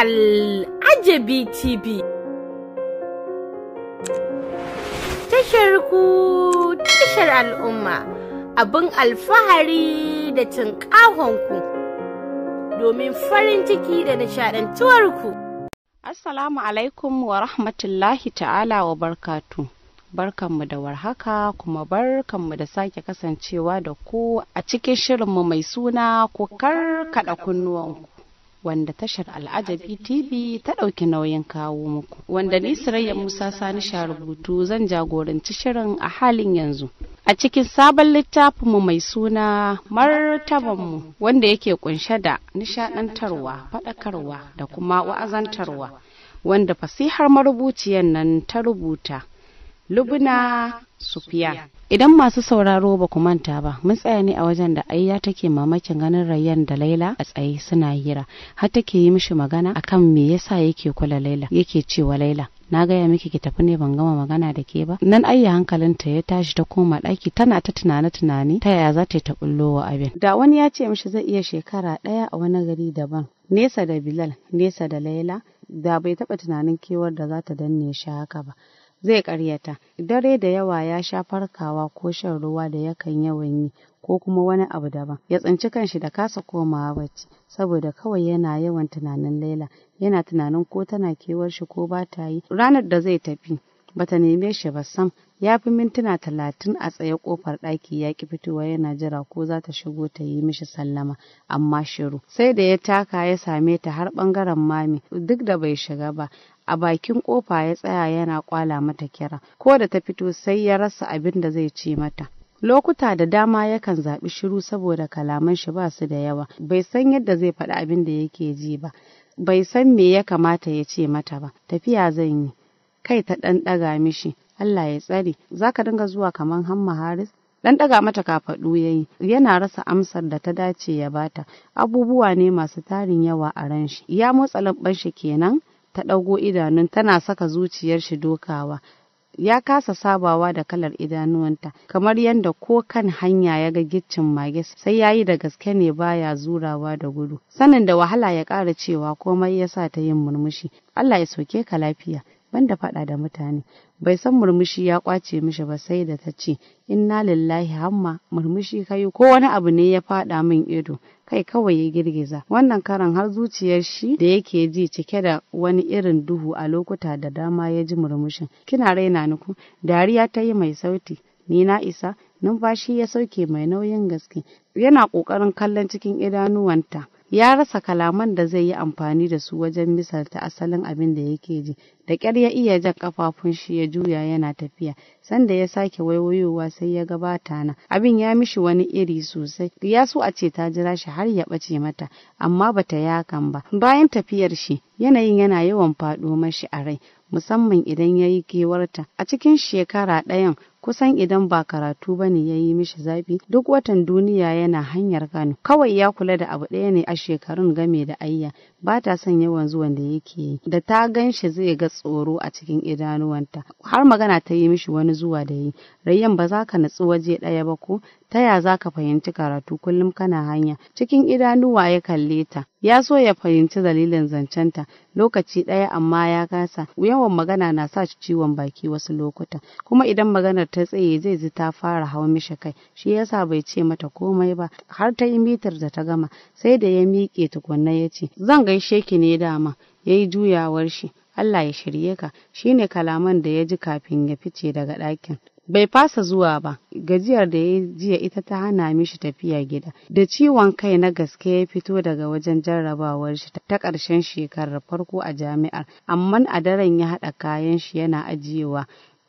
Al'ajabi TV. Tashar ku tashar al'umma abin alfahari da cin ku domin farin ciki da nishaɗantuwarku. Assalamu alaikum wa rahmatullahi ta'ala wa barkatu. Barkanmu da warhaka kuma barkanmu da sake kasancewa da ku a cikin shirinmu mai suna ku karkada kunnuwanku. wanda tashar al'ajabi tv ta ɗauki nauyin kawo muku wanda ni sirayya musa sani sha rubutu zan jagoranci shirin a halin yanzu a cikin sabon littafinmu mai suna martabanmu wanda yake kunshe da nishaɗantarwa, faɗakarwa da kuma wa'azantarwa wanda fasihar marubuciyar nan ta rubuta Lubna Sufiya. Idan masu sauraro ba ku manta ba, mun tsaya ne a wajen da Ayya take mamakin ganin Rayyan da Laila a tsaye suna hira, har take yi mishi magana akan me yasa yake kula Laila, yake cewa Laila. na gaya miki ki tafi ne ban gama magana da ke ba nan ayya hankalinta ya tashi ta koma ɗaki tana ta tunane tunani ta yaya za ta yi ta wa abin da wani ya ce mishi zai iya shekara ɗaya a wani gari daban nesa da bilal nesa da laila da bai taɓa tunanin kewar da za ta danne shi haka ba zai ƙaryata. Dare da yawa ya sha farkawa ko shan ruwa da yakan yawan yi ko kuma wani abu daban. Ya tsinci kanshi da kasa komawa bacci saboda kawai yana yawan tunanin Laila, yana tunanin ko tana kewar shi ko ba ta yi. Ranar da zai tafi bata neme shi ba sam ya fi mintuna talatin a tsaye kofar ɗaki ya ki fitowa yana jira ko za ta shigo ta yi mishi sallama amma shiru sai da ya taka ya same ta har ɓangaren mami duk da bai shiga ba a bakin kofa ya tsaya yana kwala mata kira ko da ta fito sai ya rasa abin da zai ce mata lokuta da dama yakan zaɓi shiru saboda kalaman shi ba su da yawa bai san yadda zai faɗi abin da yake ji ba bai san me ya kamata ya ce mata ba tafiya zan yi kai ta ɗan ɗaga mishi Allah ya tsare za ka dinga zuwa kamar hamma haris Ɗan ɗaga mata kafaɗu ya yi yana rasa amsar da ta dace ya bata abubuwa ne masu tarin yawa a ran shi ya motsa lamɓan shi kenan ta ɗago idanun tana saka zuciyar shi dokawa ya kasa sabawa da kalar idanuwanta kamar yadda ko kan hanya ya ga giccin mage sai ya yi da gaske ne baya zurawa da gudu sanin da wahala ya ƙara cewa komai ya sa ta yin murmushi Allah ya soke ka lafiya Ban da faɗa da mutane bai san murmushi ya ƙwace mishi ba sai da ta ce inna lillahi hamma murmushi kayi ko wani abu ne ya faɗa min ido kai kawai ya girgiza wannan karan har zuciyar shi da yake ji cike da wani irin duhu a lokuta da dama ya ji murmushin kina raina ni ku dariya ta yi mai sauti ni na isa numfashi ya sauke mai nauyin gaske yana ƙoƙarin kallon cikin idanuwanta ya rasa kalaman da zai yi amfani da su wajen misalta asalin abin da yake ji da ƙyar ya iya jan kafafun shi ya juya yana tafiya sanda ya sake waiwayowa sai ya gabata na abin ya mishi wani iri sosai ya so a ce ta jira shi har ya ɓace mata amma bata yakan ba bayan tafiyar shi yanayin yana yawan faɗo mashi a rai musamman idan ya yi kewarta a cikin shekara ɗayan kusan idan ba karatu ba ne ya yi mishi zafi duk watan duniya yana hanyar Kano kawai ya kula da abu ɗaya ne a shekarun game da ayya ba ta son yawan zuwan da yake yi da ta gan shi zai ga tsoro a cikin idanuwanta har magana ta yi mishi wani zuwa da yi rayyan ba za ka natsu waje ɗaya ba ko ta ya za ka fahimci karatu kullum kana hanya cikin idanuwa ya kalle ta ya so ya fahimci dalilin zancenta lokaci ɗaya amma ya kasa yawan magana na sa shi ciwon baki wasu lokuta kuma idan maganar ta tsaye zai ji ta fara hawa mishi kai shi yasa bai ce mata komai ba har ta yi mitar da ta gama sai da ya miƙe tukunna ya ce zan gaishe ki ne dama ya yi juyawar shi Allah ya shirye ka shine kalaman da ya ji kafin ya fice daga ɗakin bai fasa zuwa ba gajiyar da ya jiya ita ta hana mishi tafiya gida da ciwon kai na gaske ya fito daga wajen jarrabawar shi ta ƙarshen shekarar farko a jami'ar amma a daren ya haɗa kayan shi yana ajiyewa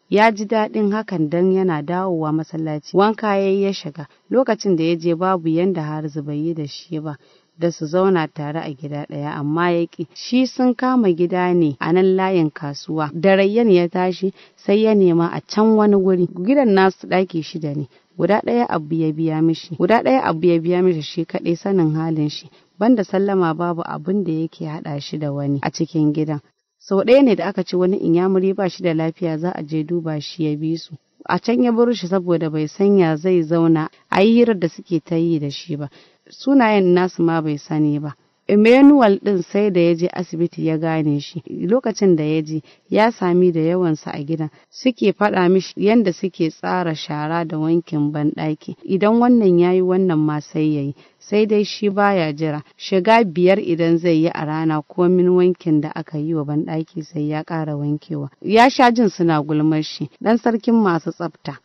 ya ji daɗin hakan don yana dawowa masallaci wanka ya ya shiga lokacin da ya je babu yanda har yi da shi ba da su zauna tare a gida ɗaya amma ya ƙi shi sun kama gida ne a nan layin kasuwa da rayyan ya tashi sai ya nema a can wani guri gidan nasu ɗaki shida ne guda ɗaya abu ya biya mishi guda ɗaya abu ya biya mishi shi kaɗai sanin halin shi banda sallama babu abin da yake haɗa shi da wani a cikin gidan sau ɗaya ne da aka ci wani inyamuri ba shi da lafiya za a je duba shi ya bi su a can ya bar shi saboda bai sanya zai zauna a yi hirar da suke ta yi da shi ba sunayen nasu ma bai sani ba Emmanuel ɗin sai da ya je asibiti ya gane shi lokacin da ya je ya sami da yawansa a gidan suke faɗa mishi yadda suke tsara shara da wankin banɗaki idan wannan ya yi wannan ma sai ya yi sai dai shi baya jira shiga biyar idan zai yi a rana ko min wankin da aka yi wa banɗaki sai ya ƙara wankewa ya sha jin suna gulmar shi ɗan sarkin masu tsafta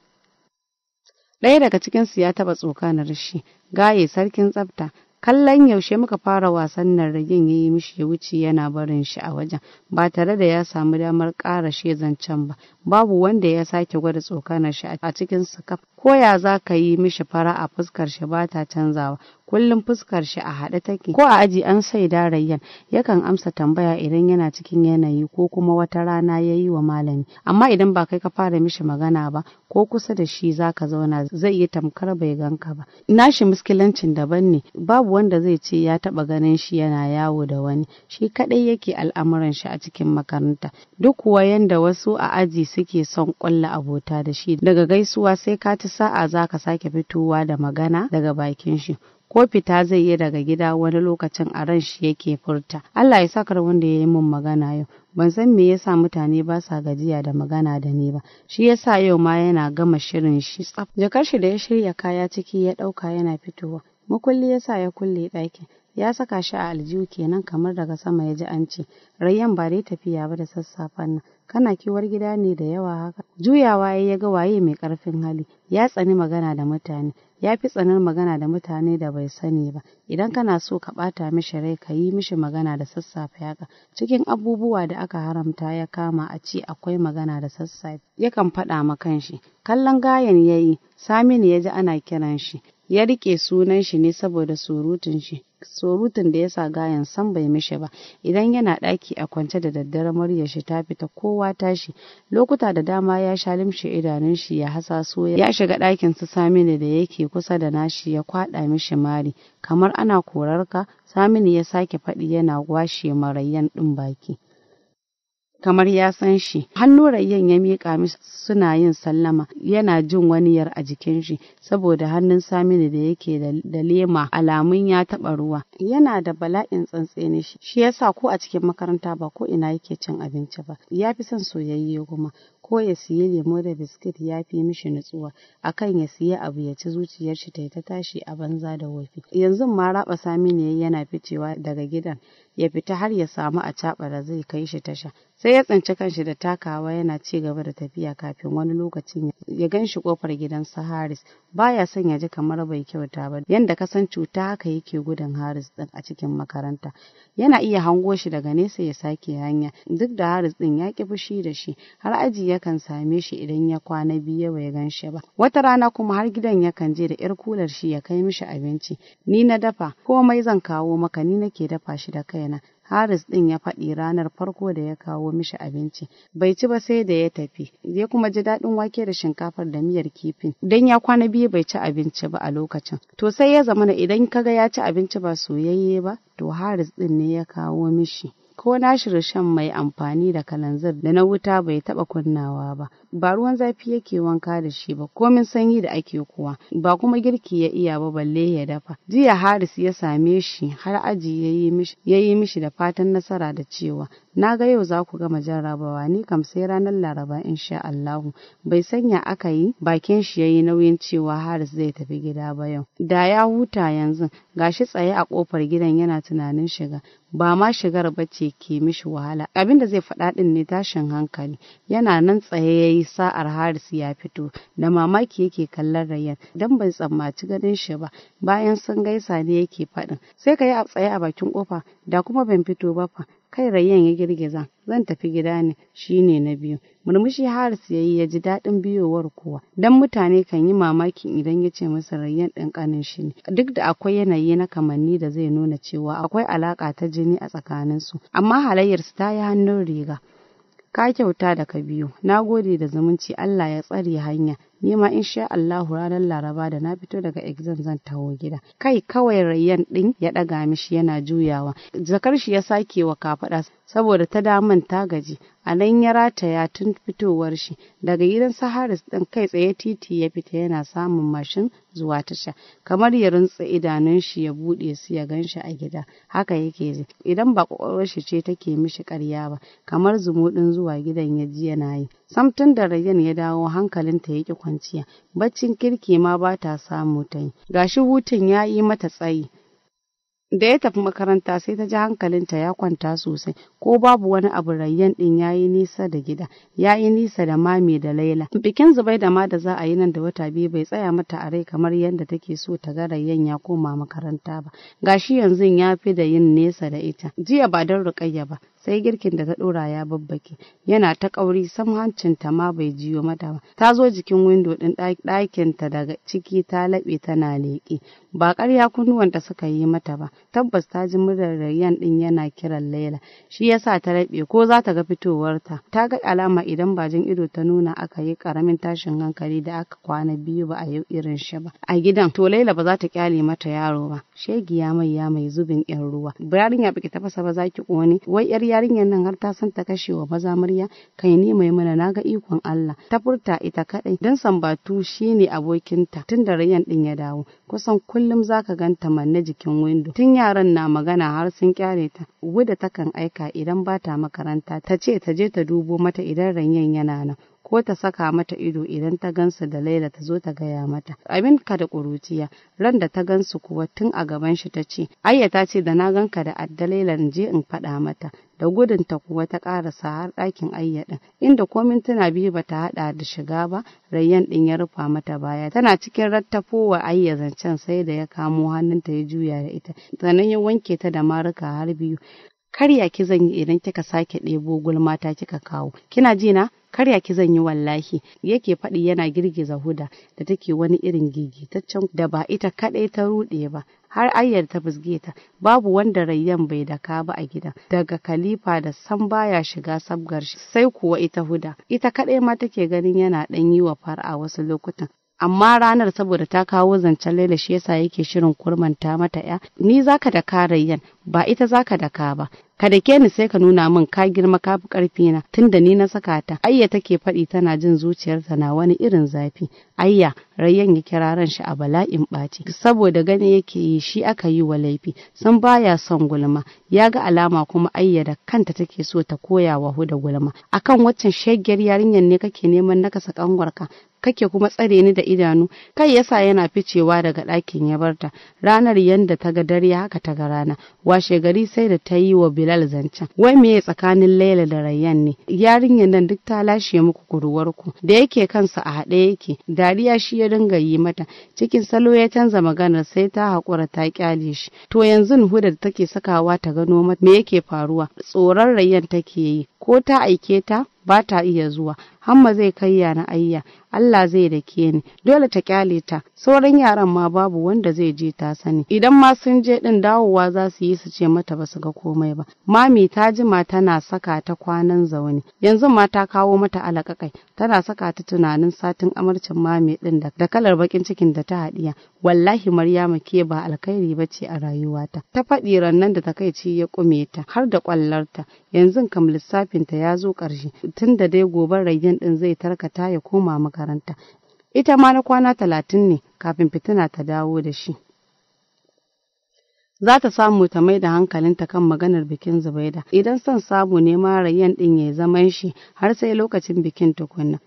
ɗaya daga cikinsu ya taɓa tsokanar shi gaye sarkin tsafta kallon yaushe muka fara wasan nan ragin ya yi mishi wuce yana barin shi a wajen ba tare da ya samu damar ƙara zancen ba babu wanda ya sake gwada tsokanar shi a cikin su kaf koya za ka yi mishi fara a fuskar shi ba ta canzawa kullum fuskar shi a haɗe take ko a aji an sai rayyan yakan amsa tambaya idan yana cikin yanayi ko kuma wata rana ya yi wa malami amma idan ba kai ka fara mishi magana ba ko kusa da shi za ka zauna zai yi tamkar bai ganka ba shi muskilancin daban ne babu wanda zai ce ya taɓa ganin shi yana yawo da wani shi kaɗai yake al'amuran shi a cikin makaranta duk kuwa yanda wasu a aji suke son ƙulla abota da shi daga gaisuwa sai ka ci sa'a za ka sake fitowa da magana daga bakin shi ko fita zai yi daga gida wani lokacin a ran shi yake furta Allah ya sakar wanda ya yi min magana yau ban san me yasa mutane ba sa gajiya da magana da ni ba shi yasa yau ma yana gama shirin shi tsaf jakar shi da ya shirya kaya ciki ya ɗauka yana fitowa makulli yasa ya kulle ɗakin ya saka shi a aljihu kenan kamar daga sama ya ji an ce rayyan ba dai tafiya ba da sassafen nan kana kewar gida ne da yawa haka juyawa ya ga waye mai karfin hali ya tsani magana da mutane ya fi tsanar magana da mutane da bai sani ba idan kana so ka bata mishi rai ka yi mishi magana da sassafe haka cikin abubuwa da aka haramta ya kama a ci akwai magana da sassafe yakan faɗa ma shi. kallon gayan yayi saminu ya ji ana kiran shi ya rike sunan shi ne saboda surutun shi surutun da ya sa gayan san bai mishi ba idan yana ɗaki a kwance da daddare muryar shi ta fita kowa tashi lokuta da dama ya sha limshe idanun shi ya soya ya shiga ɗakin su saminu da yake kusa da nashi ya kwaɗa mishi mari kamar ana korarka, ka saminu ya sake faɗi yana washe marayyan ɗin baki kamar ya san shi hannu rayyan ya miƙa mishi suna yin sallama yana jin wani yar a jikin shi saboda hannun saminu da yake da lema alamun ya taɓa ruwa yana da bala'in tsantseni shi shi yasa ko a cikin makaranta ba ko ina yake cin abinci ba ya fi son soyayye kuma ko ya siyi lemo da biskit ya fi mishi nutsuwa akan ya siya abu ya ci zuciyar shi ta ta tashi a banza da wofi yanzu ma raɓa saminu yana ficewa daga gidan ya fita har ya samu a da zai kai shi tasha sai ya tsinci kanshi da takawa yana ci gaba da tafiya kafin wani lokacin ya gan shi gidan su Haris baya son ya ji kamar bai kyauta ba yanda kasan cuta haka yake gudun Haris ɗin a cikin makaranta yana iya hango shi daga nesa ya sake hanya duk da Haris ɗin ya ki fushi da shi har aji yakan same shi idan ya kwana biyu bai gan shi ba wata rana kuma har gidan yakan je da yar kular shi ya kai mishi abinci ni na dafa komai zan kawo maka ni nake dafa shi da kai kaina, Haris ɗin ya faɗi ranar farko da ya kawo mishi abinci. Bai ci ba sai da ya tafi, ya kuma ji daɗin wake da shinkafar da miyar kifin. Don ya kwana biyu bai ci abinci ba a lokacin. To sai ya zamana idan kaga ya ci abinci ba soyayye ba, to Haris ɗin ne ya kawo mishi. ko na shirya shan mai amfani da kalanzir da na wuta bai taba kunnawa ba ba ruwan zafi yake wanka da shi ba komin sanyi da ake kuwa ba kuma girki ya iya ba balle ya dafa jiya haris ya same shi har aji ya yi mishi da fatan nasara da cewa na ga yau za ku gama jarrabawa ni kam sai ranar laraba insha Allahu bai sanya aka yi bakin shi yayi nauyin cewa Haris zai tafi gida ba yau da ya huta yanzu gashi tsaye a kofar gidan yana tunanin shiga ba ma shigar bace ke mishi wahala abin da zai faɗa din ne tashin hankali yana nan tsaye yayi sa'ar Haris ya fito da mamaki yake kallon Rayyan dan bai tsammaci ganin shi ba bayan sun gaisa ne yake faɗin sai ka a tsaye a bakin kofa da kuma ban fito ba fa Kai Rayyan ya girgiza, zan tafi gida ne, shi ne na biyu. Murmushi Haris ya yi ya ji daɗin biyowar kowa, don mutane kan yi mamakin idan ya ce masa Rayyan ɗin ƙanin shi ne. Duk da akwai yanayi na kamanni da zai nuna cewa akwai alaƙa ta jini a tsakaninsu, amma halayyarsu ta yi hannun riga. Ka kyauta da ka biyo, na gode da zumunci Allah ya tsare hanya, ni ma sha Allahu ranar Laraba da na fito daga exam zan taho gida kai kawai rayyan din ya daga mishi yana juyawa zakar shi ya sake wa kafada saboda ta daman ta gaji a nan ya rataya tun fitowar shi daga gidan su haris ɗin kai tsaye titi ya fita yana samun mashin zuwa tasha kamar ya runtse idanun shi ya buɗe su ya gan shi a gida haka yake ji idan ba kwakwalwar shi ce take mishi karya ba kamar zumuɗin zuwa gidan ya ji yana yi samtun da rayan ya dawo hankalinta ya ƙi kwanciya baccin kirki ma ba ta samu ta yi gashi hutun ya yi mata tsayi da ya tafi makaranta sai ta ji hankalinta ya kwanta sosai ko babu wani abu rayyan din ya yi nisa da gida ya yi nisa da mami da laila bikin zubai da ma da za a yi nan da wata biyu bai tsaya mata a rai kamar yadda take so ta ga rayyan ya koma makaranta ba gashi yanzu ya fi da yin nesa da ita jiya ba don rukayya ba sai girkin da ta dora ya babbake yana ta ƙauri sam ta ma bai jiyo mata ba ta zo jikin windo ɗin ɗakinta daga ciki ta laɓe tana leƙe ba ƙarya kunnuwanta suka yi mata ba tabbas ta ji murar rayyan din yana kiran laila shi yasa ta laɓe ko za ta ga fitowarta ta ga alama idan bajin ido ta nuna aka yi karamin tashin hankali da aka kwana biyu ba a yi irin shi ba a gidan to laila ba za ta kyale mata yaro ba shegiya mai ya mai zubin 'yan ruwa ya baki tafasa ba za ki ƙone wai 'yar yarinyar nan har ta san ta kashe wa maza murya kai ne mai mana ga ikon Allah ta furta ita kadai dan sambatu shine abokinta tun da rayan din ya dawo kusan kullum zaka ganta manne jikin windo tun yaran na magana har sun kyare ta wuda kan aika idan ba ta makaranta ta ce ta je ta dubo mata idan ranyen yana nan ko ta saka mata ido idan ta gansu da Laila ta zo ta gaya mata. Aminka da ƙuruciya ran da ta gansu kuwa tun a gaban shi ta ce, Ayya ta ce da na ganka da adda Laila in je in faɗa mata. Da gudun ta kuwa ta ƙarasa har ɗakin Ayya ɗin, inda ko mintuna biyu ba ta haɗa da shiga ba, Rayyan ɗin ya rufa mata baya. Tana cikin rattafowa Ayya zancen sai da ya kamo hannunta ya juya da ita, sannan ya wanke ta da maruka har biyu. karya ki zan yi idan kika sake ɗebo gulma ta kika kawo kina ji na karya ki zan yi wallahi yake faɗi yana girgiza huda da take wani irin gigitaccen da ba ita kaɗai ta ruɗe ba har ayyar ta fusge ta babu wanda rayyan bai daka ba a gida daga kalifa da san baya shiga sabgar shi sai kuwa ita huda ita kaɗai ma take ganin yana ɗan yi wa far'a wasu lokutan amma ranar saboda ta kawo zancen laila shi yasa yake shirin kurmanta mata ya ni zaka da karayyan ba ita zaka da ka ba ka da ni sai ka nuna min ka girma ka fi karfi na tunda ni na saka ta ayya take faɗi tana jin zuciyarta na wani irin zafi ayya rayyan ya kira ran shi a bala'in ɓaci saboda gani yake yi shi aka yi wa laifi san baya son gulma ya ga alama kuma ayya da kanta take so ta koya wa huda gulma akan waccan shegiyar yarinyar ne kake neman nakasa ƙanwarka. kake kuma tsare ni da idanu kai yasa yana ficewa daga ɗakin ya barta ranar yanda ta ga dare haka ta ga rana washe gari sai da ta yi wa Bilal zancen wai me tsakanin Laila da Rayyan ne yarinyar nan duk ta lashe muku kuruwarku da yake kansa a haɗe yake dariya shi ya dinga yi mata cikin salo ya canza maganar sai ta haƙura ta kyale shi to yanzu Huda da take sakawa ta gano mata me yake faruwa tsoron Rayyan take yi ko ta aike ta ba ta iya zuwa hamma zai kaiya na ayya Allah zai da ke ni dole ta kyale ta sauran yaran ma babu wanda zai je ta sani idan ma sun je din dawowa za su yi su ce mata ba su ga komai ba mami ta jima tana saka ta kwanan zaune yanzu ma ta kawo mata alakakai tana saka ta tunanin satin amarcin mami din da kalar bakin cikin da ta haɗiya wallahi maryama ke ba alkhairi ba ce a rayuwata ta faɗi rannan da takaici ya ƙume ta har da kwallarta yanzu kam lissafinta ya zo ƙarshe tun da dai gobe rayyan ɗin zai tarkata ya koma makaranta ita ma na kwana talatin ne kafin fitina ta dawo da shi za ta samu ta mai da hankalinta kan maganar bikin zubaida idan son samu ne ma rayyan ɗin ya zaman shi har sai lokacin bikin tukunna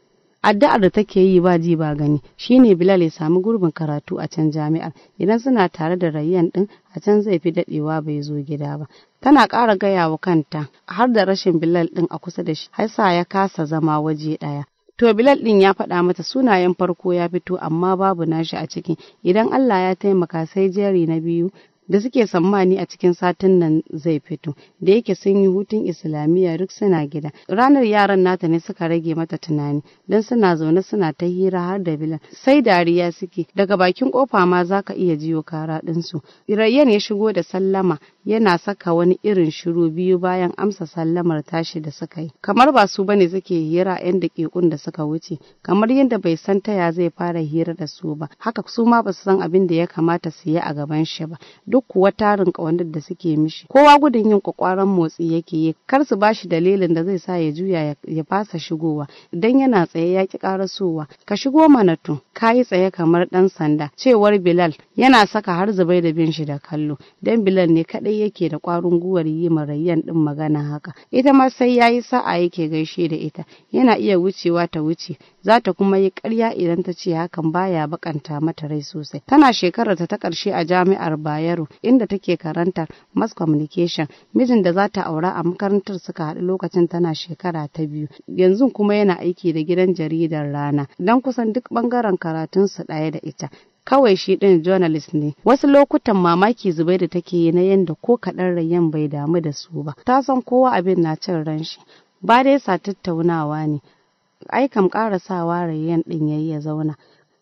addu'ar da take yi ba ji ba gani shine Bilal ya samu gurbin karatu a can jami'ar idan suna tare da rayyan ɗin, a can zai fi daɗewa bai zo gida ba tana ƙara gaya wa kanta har da rashin bilal ɗin a kusa da shi haisa ya kasa zama waje ɗaya to bilal ɗin ya faɗa mata sunayen farko ya fito amma babu nashi a ciki idan allah ya taimaka sai jeri na biyu da suke tsammani a cikin satin nan zai fito da yake sun yi hutun islamiyya duk suna gida ranar yaran nata ne suka rage mata tunani don suna zaune suna ta hira har da bilal. sai dariya suke daga bakin kofa ma za iya jiyo kara ɗinsu rayyan ya shigo da sallama yana saka wani irin shiru biyu bayan amsa sallamar tashi da suka yi kamar ba su bane suke hira yan daƙiƙun da suka wuce kamar yadda bai san taya zai fara hira da su ba haka su ma ba su san abin da ya kamata su yi a gaban shi ba duk kuwa tarin ƙaunar da suke mishi kowa gudun yin kwakwaran motsi yake yi kar su bashi dalilin da zai sa ya juya ya fasa shigowa idan yana tsaye ya ki karasowa ka shigo mana tun yi tsaye kamar ɗan sanda cewar bilal yana saka har zubai da bin shi da kallo dan bilal ne kaɗai dai yake da ƙwarin guwar yi ma rayyan ɗin magana haka ita ma sai ya yi sa'a yake gaishe da ita yana iya wucewa ta wuce za ta kuma yi ƙarya idan ta ce hakan baya bakanta mata rai sosai tana shekarar ta ta ƙarshe a jami'ar bayero inda take karanta mass communication mijin da za ta aura a makarantar suka haɗu lokacin tana shekara ta biyu yanzu kuma yana aiki da gidan jaridar rana dan kusan duk ɓangaren karatunsu ɗaya da ita kawai shi ɗin journalist ne wasu lokutan mamaki zubairu take yi na yadda ko kaɗan rayyan bai damu da su ba ta san kowa abin na cin ran shi ba dai sa tattaunawa ne ai kam ƙarasawa rayyan ɗin yayi ya zauna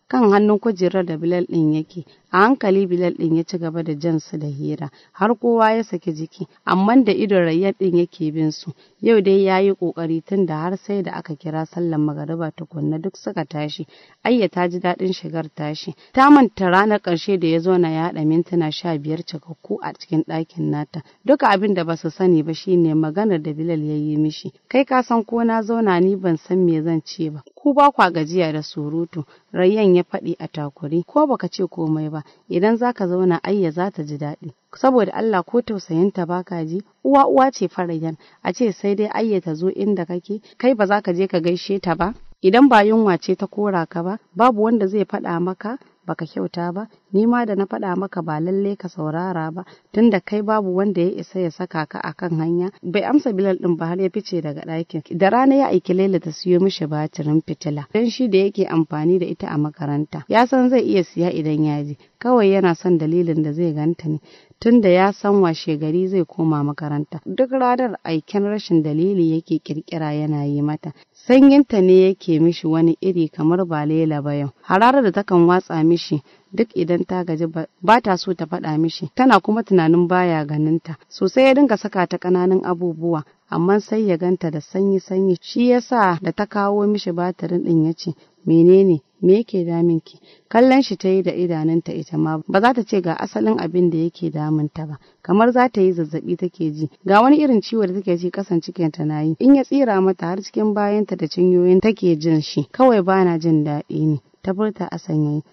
kan hannun kujerar da bilal ɗin yake a hankali bilal din ya ci gaba da jan su da hira har kowa ya saki jiki amma da ido, rayyar din yake bin su yau dai ya yi kokari tun da har sai da aka kira sallan magariba tukunna duk suka tashi ayya ta ji daɗin shigar tashi ta manta ranar ƙarshe da ya zo na yaɗa mintuna sha biyar cikakku a cikin ɗakin nata duka abin da ba su sani ba shine maganar da bilal ya yi mishi kai ka san ko na zauna ni ban san me zan ce ba ku ba kwa gajiya da surutu rayyan ya faɗi a takuri ko baka ce komai ba ba idan ka zauna ayya za ta ji daɗi saboda Allah ko tausayin tausayinta baka ji uwa uwa ce farayan a ce sai dai ayya ta zo inda kake kai ba za ka je ka gaishe ta ba idan ba yunwa ce ta kora ka ba babu wanda zai faɗa maka baka kyauta ba ni ma da na faɗa maka ba lalle ka saurara ba tunda kai babu wanda ya isa ya saka ka a kan hanya bai amsa bilal ɗin ba har ya fice daga ɗakin da rana ya aiki laila ta siyo mishi batirin fitila dan shi da yake amfani da ita a makaranta ya san zai iya siya idan ya je kawai yana son dalilin da zai ganta ne tunda ya san washe gari zai koma makaranta duk ranar aiken rashin dalili yake kirkira yana yi mata sanyinta ne yake mishi wani iri kamar ba lela ba yau hararar da takan watsa mishi duk idan ta gaji ba ta so ta faɗa mishi tana kuma tunanin baya ganinta sosai ya dinga saka ta ƙananan abubuwa amma sai ya ganta da sanyi sanyi shi yasa da ta kawo mishi batirin din ya ce menene me yake damin ki kallon shi ta yi da idanunta ita ma ba za ta ce ga asalin abin da yake ta ba kamar za ta yi zazzabi take ji ga wani irin ciwo da take ji kasan cikinta na yi in ya tsira mata har cikin bayanta da cinyoyin take jin shi kawai bana jin daɗi ne ta furta a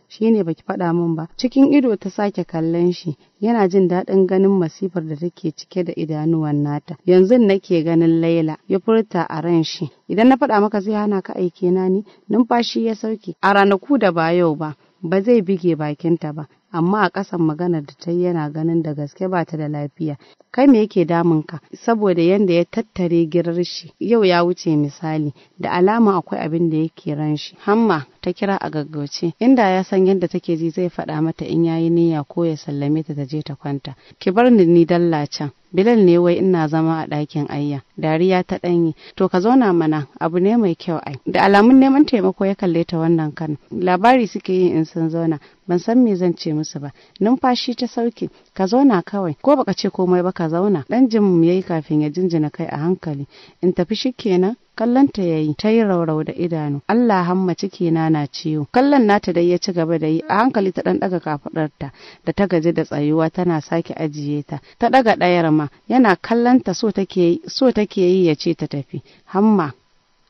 shi ne baki faɗa min ba cikin ido ta sake kallon shi yana jin daɗin ganin masifar da take cike da idanuwan nata yanzu nake ganin Laila ya furta a ran shi idan na faɗa maka zai hana ka aike na ni numfashi ya sauke a ranaku da ba yau ba ba zai bige bakinta ba amma a ƙasan maganar da ta yana ganin da gaske ba ta da lafiya kai me yake damun ka saboda yanda ya tattare girar shi yau ya wuce misali da alama akwai abin da yake ran shi hamma ta kira a gaggauce inda ya san yadda take ji zai faɗa mata in yayi niyya ko ya sallame ta ta je ta kwanta ki bar ni ni dalla can Bilal ne wai ina zama a ɗakin ayya. Dariya ta ɗanyi. To ka zauna mana abu ne mai kyau ai. Da alamun neman taimako ya kalle ta wannan kan. Labari suke yi in sun zauna. Ban san me zan ce musu ba. Numfashi ta sauki. Ka zauna kawai. Ko baka ce komai ba ka ka zauna dan jim yi kafin ya jinjina kai a hankali in tafi shikenan kallonta ya yi ta yi raurau da idanu Allah hamma ciki na na ciwo kallon nata dai ya ci gaba da yi a hankali ta dan daga ta da ta gaji da tsayuwa tana sake ajiye ta ta daga dayar ma yana kallonta so take so take yi ya ce ta tafi hamma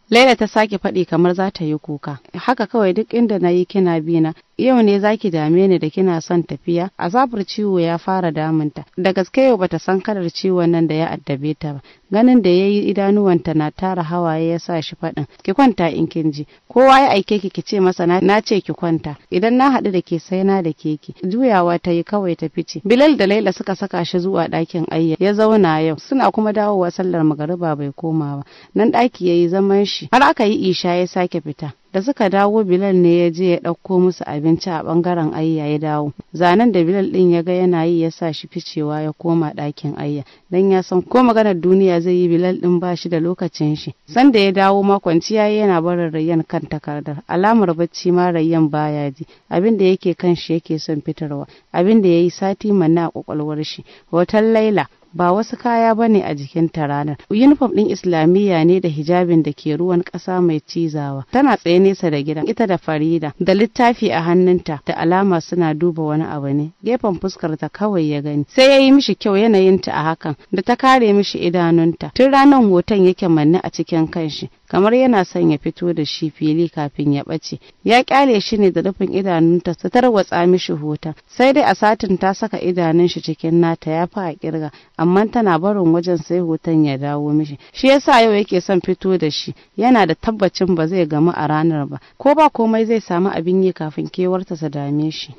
Laila ta sake faɗi kamar za ta yi kuka. Haka kawai duk inda na yi kina bina, yau ne zaki dame ni da kina son tafiya azabar ciwo ya fara damunta da gaske yau bata san kalar ciwon nan da ya addabe ta ba ganin da yayi idanuwanta na tara hawaye ya sa shi faɗin ki kwanta in kin ji kowa ya aike ki ki ce masa na ce ki kwanta idan na haɗu da ke sai na da keki juyawa ta yi kawai ta fice bilal da laila suka saka shi zuwa ɗakin ayya ya zauna yau suna kuma dawowa sallar magariba bai koma ba nan ɗaki yayi zaman shi har aka yi isha ya sake fita da suka dawo bilal ne ya je ya ɗauko musu abinci a ɓangaren ayya ya dawo zanen da bilal ɗin ya ga yana yi ya sa shi ficewa ya koma ɗakin ayya dan ya san ko maganar duniya zai yi bilal ɗin ba shi da lokacin shi sanda ya dawo ma yi yana barin rayyan kan takardar alamar bacci ma rayyan baya ji abin da yake kan shi yake son fitarwa abin da ya yi sati mana a kwakwalwar shi hoton laila ba wasu kaya ba ne a jikinta ranar uniform ɗin islamiyya ne da hijabin da ke ruwan ƙasa mai cizawa tana tsaye nesa da gidan ita da farida da littafi a hannunta da alama suna duba wani abu ne gefen fuskar ta kawai ya gani sai ya yi mishi kyau yanayinta a hakan da ta kare mishi idanunta tun ranar hoton yake manne a cikin kanshi kamar yana son ya fito da shi fili kafin ya ɓace ya kyale shi ne da rufin idanunta su tarwatsa mishi hoton sai dai a satin ta saka idanun shi cikin nata ya fi a kirga amma tana barin wajen sai hoton ya dawo mishi shi yasa yau yake son fito da shi yana da tabbacin ba zai gamu a ranar ba ko ba komai zai samu abin yi kafin kewarta ta dame shi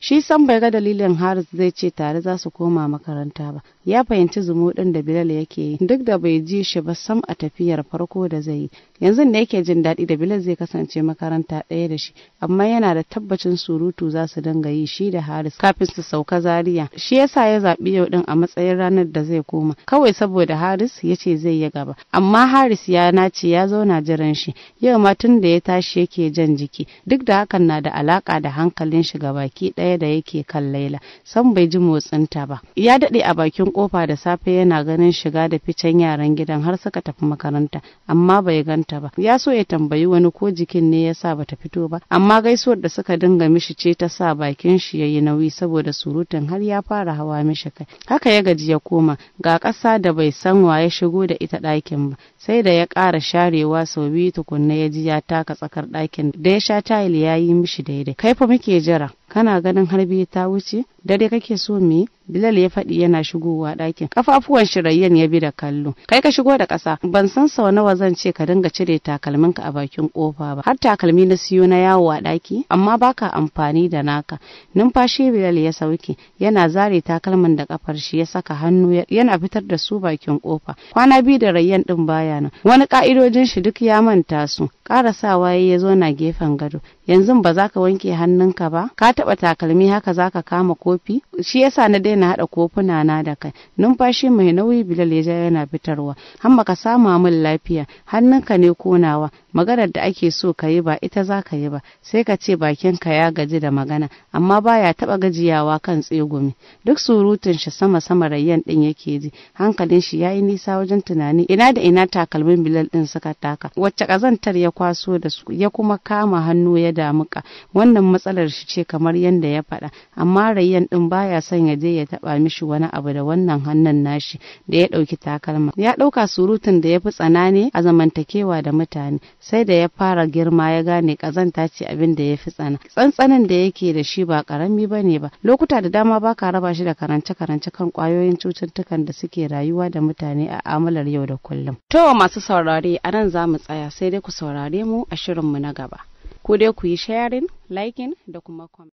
shi san bai ga dalilin Haris zai ce tare za su koma makaranta ba ya fahimci zumuɗin da Bilal yake yi duk da bai ji shi ba sam a tafiyar farko da zai yi yanzu da yake jin daɗi da Bilal zai kasance makaranta ɗaya da shi amma yana da tabbacin surutu za su dinga yi shi da Haris kafin su sauka Zariya. shi yasa ya zaɓi yau ɗin a matsayin ranar da zai koma kawai saboda Haris ya ce zai yi gaba amma Haris ya nace ya zauna jiran shi yau ma tun da ya tashi yake jan jiki duk da hakan na da alaka da hankalin shi baki ɗaya da yake kan Laila Sam bai ji motsinta ba ya daɗe a bakin kofa da safe yana ganin shiga da ficen yaran gidan har suka tafi makaranta amma bai ganta ba ya so ya tambayi wani ko jikin ne ya sa bata fito ba amma gaisuwar da suka dinga mishi ce ta sa bakin shi yayi nauyi saboda surutun har ya fara hawa mishi kai haka ya gaji ya koma ga ƙasa da bai san wa ya shigo da ita ɗakin ba sai da ya ƙara sharewa sau biyu tukunna ya ji ya taka tsakar ɗakin da ya sha tayil ya yi mishi daidai kai fa muke jira kana ganin harbi ta wuce dare kake so me bilal ya faɗi yana shigowa ɗakin kafafuwan shirayyen ya bi da kallo kai ka shigo da ƙasa ban san sau nawa zan ce ka dinga cire takalminka a bakin ƙofa ba har takalmi na siyo na yawo a ɗaki amma baka amfani da naka numfashi bilal ya sauke yana zare takalmin da kafar shi ya saka hannu yana fitar da su bakin ƙofa kwana biyu da rayyan ɗin baya nan wani ƙa'idojin shi duk ya manta su Kara karasawa ya zo na gefen gado yanzu ba za ka wanke hannunka ba ka taɓa takalmi haka za ka kama kofi shi yasa na daina haɗa kofuna na da kai numfashi mai nauyi bilal ya yana fitarwa hamma ka sama min lafiya hannunka ne konawa maganar da ake so ka yi ba ita za ka yi ba sai ka ce bakinka ya gaji da magana amma baya taba gajiyawa kan tsegumi duk surutun shi sama sama rayyan din yake ji hankalin shi yayi nisa wajen tunani ina da ina takalmin bilal din suka taka wacce kazantar ya kwaso da su ya kuma kama hannu ya damuka wannan matsalar shi ce kamar yanda ya faɗa amma rayyan din baya son ya je ya taba mishi wani abu da wannan hannun nashi da ya ɗauki takalma ya ɗauka surutun da ya fi tsanani a zamantakewa da mutane sai da ya fara girma ya gane kazanta ce abin da ya fi tsana tsantsanin da yake da shi ba karami ba ne ba lokuta da dama ba ka raba shi da karance karance kan kwayoyin cututtukan da suke rayuwa da mutane a amalar yau da kullum to masu saurare a nan za mu tsaya sai dai ku saurare mu a shirin mu na gaba ku dai ku yi sharing liking da kuma comment